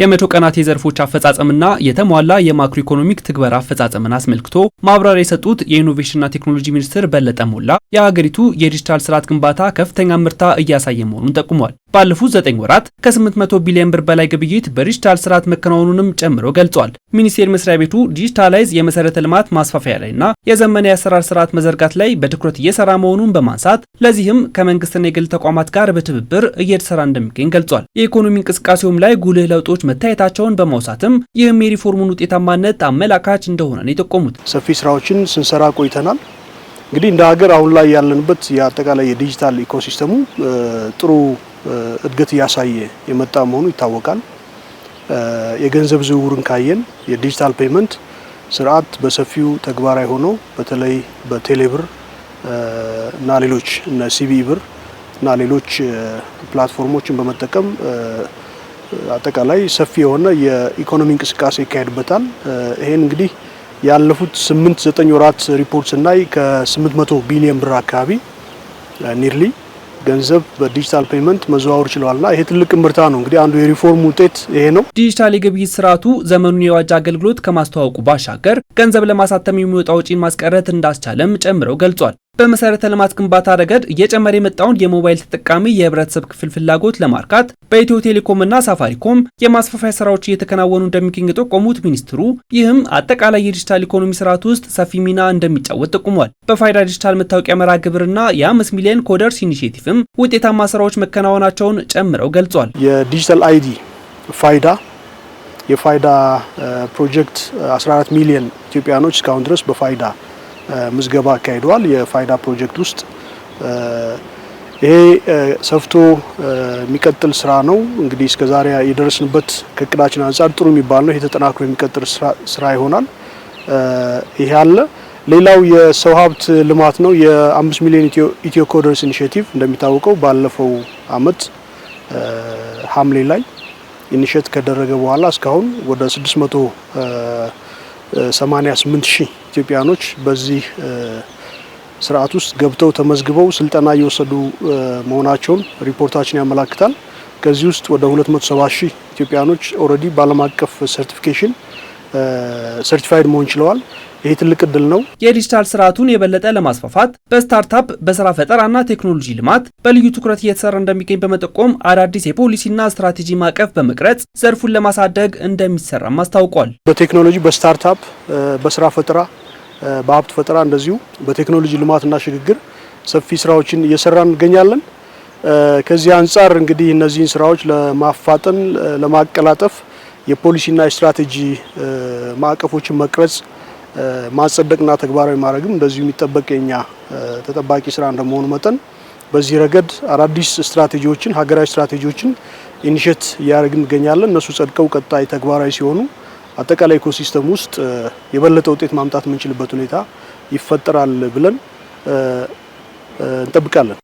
የመቶ ቀናት የዘርፎች አፈጻጸምና የተሟላ የማክሮ ኢኮኖሚክ ትግበራ አፈጻጸምን አስመልክቶ ማብራሪያ የሰጡት የኢኖቬሽንና ቴክኖሎጂ ሚኒስትር በለጠ ሞላ የሀገሪቱ የዲጂታል ስርዓት ግንባታ ከፍተኛ ምርታ እያሳየ መሆኑን ጠቁሟል። ባለፉት 9 ወራት ከ800 ቢሊዮን ብር በላይ ግብይት በዲጂታል ስርዓት መከናወኑንም ጨምሮ ገልጿል። ሚኒስቴር መስሪያ ቤቱ ዲጂታላይዝ የመሰረተ ልማት ማስፋፊያ ላይና የዘመነ የአሰራር ስርዓት መዘርጋት ላይ በትኩረት እየሰራ መሆኑን በማንሳት ለዚህም ከመንግስትና የግል ተቋማት ጋር በትብብር እየተሰራ እንደሚገኝ ገልጿል። የኢኮኖሚ እንቅስቃሴውም ላይ ጉልህ ለውጦች መታየታቸውን በማውሳትም ይህም የሪፎርሙን ውጤታማነት አመላካች እንደሆነ ነው የጠቆሙት። ሰፊ ስራዎችን ስንሰራ ቆይተናል። እንግዲህ እንደ ሀገር አሁን ላይ ያለንበት የአጠቃላይ የዲጂታል ኢኮሲስተሙ ጥሩ እድገት እያሳየ የመጣ መሆኑ ይታወቃል። የገንዘብ ዝውውርን ካየን የዲጂታል ፔመንት ስርዓት በሰፊው ተግባራዊ ሆኖ በተለይ በቴሌብር እና ሌሎች እነ ሲቢኢ ብር እና ሌሎች ፕላትፎርሞችን በመጠቀም አጠቃላይ ሰፊ የሆነ የኢኮኖሚ እንቅስቃሴ ይካሄድበታል። ይሄን እንግዲህ ያለፉት ስምንት ዘጠኝ ወራት ሪፖርት ስናይ ከ800 ቢሊዮን ብር አካባቢ ኒርሊ ገንዘብ በዲጂታል ፔመንት መዘዋወር ና ይሄ ትልቅ ምርታ ነው። እንግዲህ አንዱ የሪፎርም ውጤት ይሄ ነው። ዲጂታል የግብይት ስርዓቱ ዘመኑን የዋጅ አገልግሎት ከማስተዋወቁ ባሻገር ገንዘብ ለማሳተም የሚወጣ ወጪን ማስቀረት እንዳስቻለም ጨምረው ገልጿል። በመሰረተ ልማት ግንባታ ረገድ እየጨመረ የመጣውን የሞባይል ተጠቃሚ የህብረተሰብ ክፍል ፍላጎት ለማርካት በኢትዮ ቴሌኮምና ሳፋሪኮም የማስፋፊያ ስራዎች እየተከናወኑ እንደሚገኝ የጠቆሙት ሚኒስትሩ ይህም አጠቃላይ የዲጂታል ኢኮኖሚ ስርዓት ውስጥ ሰፊ ሚና እንደሚጫወት ጠቁሟል። በፋይዳ ዲጂታል መታወቂያ መርሃ ግብርና የአምስት ሚሊዮን ኮደርስ ኢኒሽቲቭም ውጤታማ ስራዎች መከናወናቸውን ጨምረው ገልጿል። የዲጂታል አይዲ ፋይዳ የፋይዳ ፕሮጀክት 14 ሚሊዮን ኢትዮጵያኖች እስካሁን ድረስ በፋይዳ ምዝገባ አካሂደዋል። የፋይዳ ፕሮጀክት ውስጥ ይሄ ሰፍቶ የሚቀጥል ስራ ነው። እንግዲህ እስከዛሬ የደረስንበት ከእቅዳችን አንጻር ጥሩ የሚባል ነው። ይሄ ተጠናክሮ የሚቀጥል ስራ ይሆናል። ይሄ አለ። ሌላው የሰው ሀብት ልማት ነው። የአምስት ሚሊዮን ኢትዮ ኮደርስ ኢኒሽቲቭ እንደሚታወቀው ባለፈው አመት ሐምሌ ላይ ኢኒሽት ከደረገ በኋላ እስካሁን ወደ 6መቶ 88 ሺህ ኢትዮጵያኖች በዚህ ስርዓት ውስጥ ገብተው ተመዝግበው ስልጠና እየወሰዱ መሆናቸውን ሪፖርታችን ያመላክታል። ከዚህ ውስጥ ወደ 270 ሺህ ኢትዮጵያኖች ኦልሬዲ በዓለም አቀፍ ሰርቲፊኬሽን ሰርቲፋይድ መሆን ችለዋል። ይህ ትልቅ እድል ነው። የዲጂታል ስርዓቱን የበለጠ ለማስፋፋት በስታርታፕ በስራ ፈጠራና ቴክኖሎጂ ልማት በልዩ ትኩረት እየተሰራ እንደሚገኝ በመጠቆም አዳዲስ የፖሊሲና ስትራቴጂ ማዕቀፍ በመቅረጽ ዘርፉን ለማሳደግ እንደሚሰራም አስታውቋል። በቴክኖሎጂ በስታርታፕ በስራ ፈጠራ በሀብት ፈጠራ እንደዚሁ በቴክኖሎጂ ልማትና ሽግግር ሰፊ ስራዎችን እየሰራን እንገኛለን። ከዚህ አንጻር እንግዲህ እነዚህን ስራዎች ለማፋጠን ለማቀላጠፍ የፖሊሲና የስትራቴጂ ማዕቀፎችን መቅረጽ ማጸደቅና ተግባራዊ ማድረግም እንደዚሁ የሚጠበቅ የኛ ተጠባቂ ስራ እንደመሆኑ መጠን በዚህ ረገድ አዳዲስ ስትራቴጂዎችን ሀገራዊ ስትራቴጂዎችን ኢኒሽት እያደረግን እንገኛለን። እነሱ ጸድቀው ቀጣይ ተግባራዊ ሲሆኑ አጠቃላይ ኢኮሲስተም ውስጥ የበለጠ ውጤት ማምጣት የምንችልበት ሁኔታ ይፈጠራል ብለን እንጠብቃለን።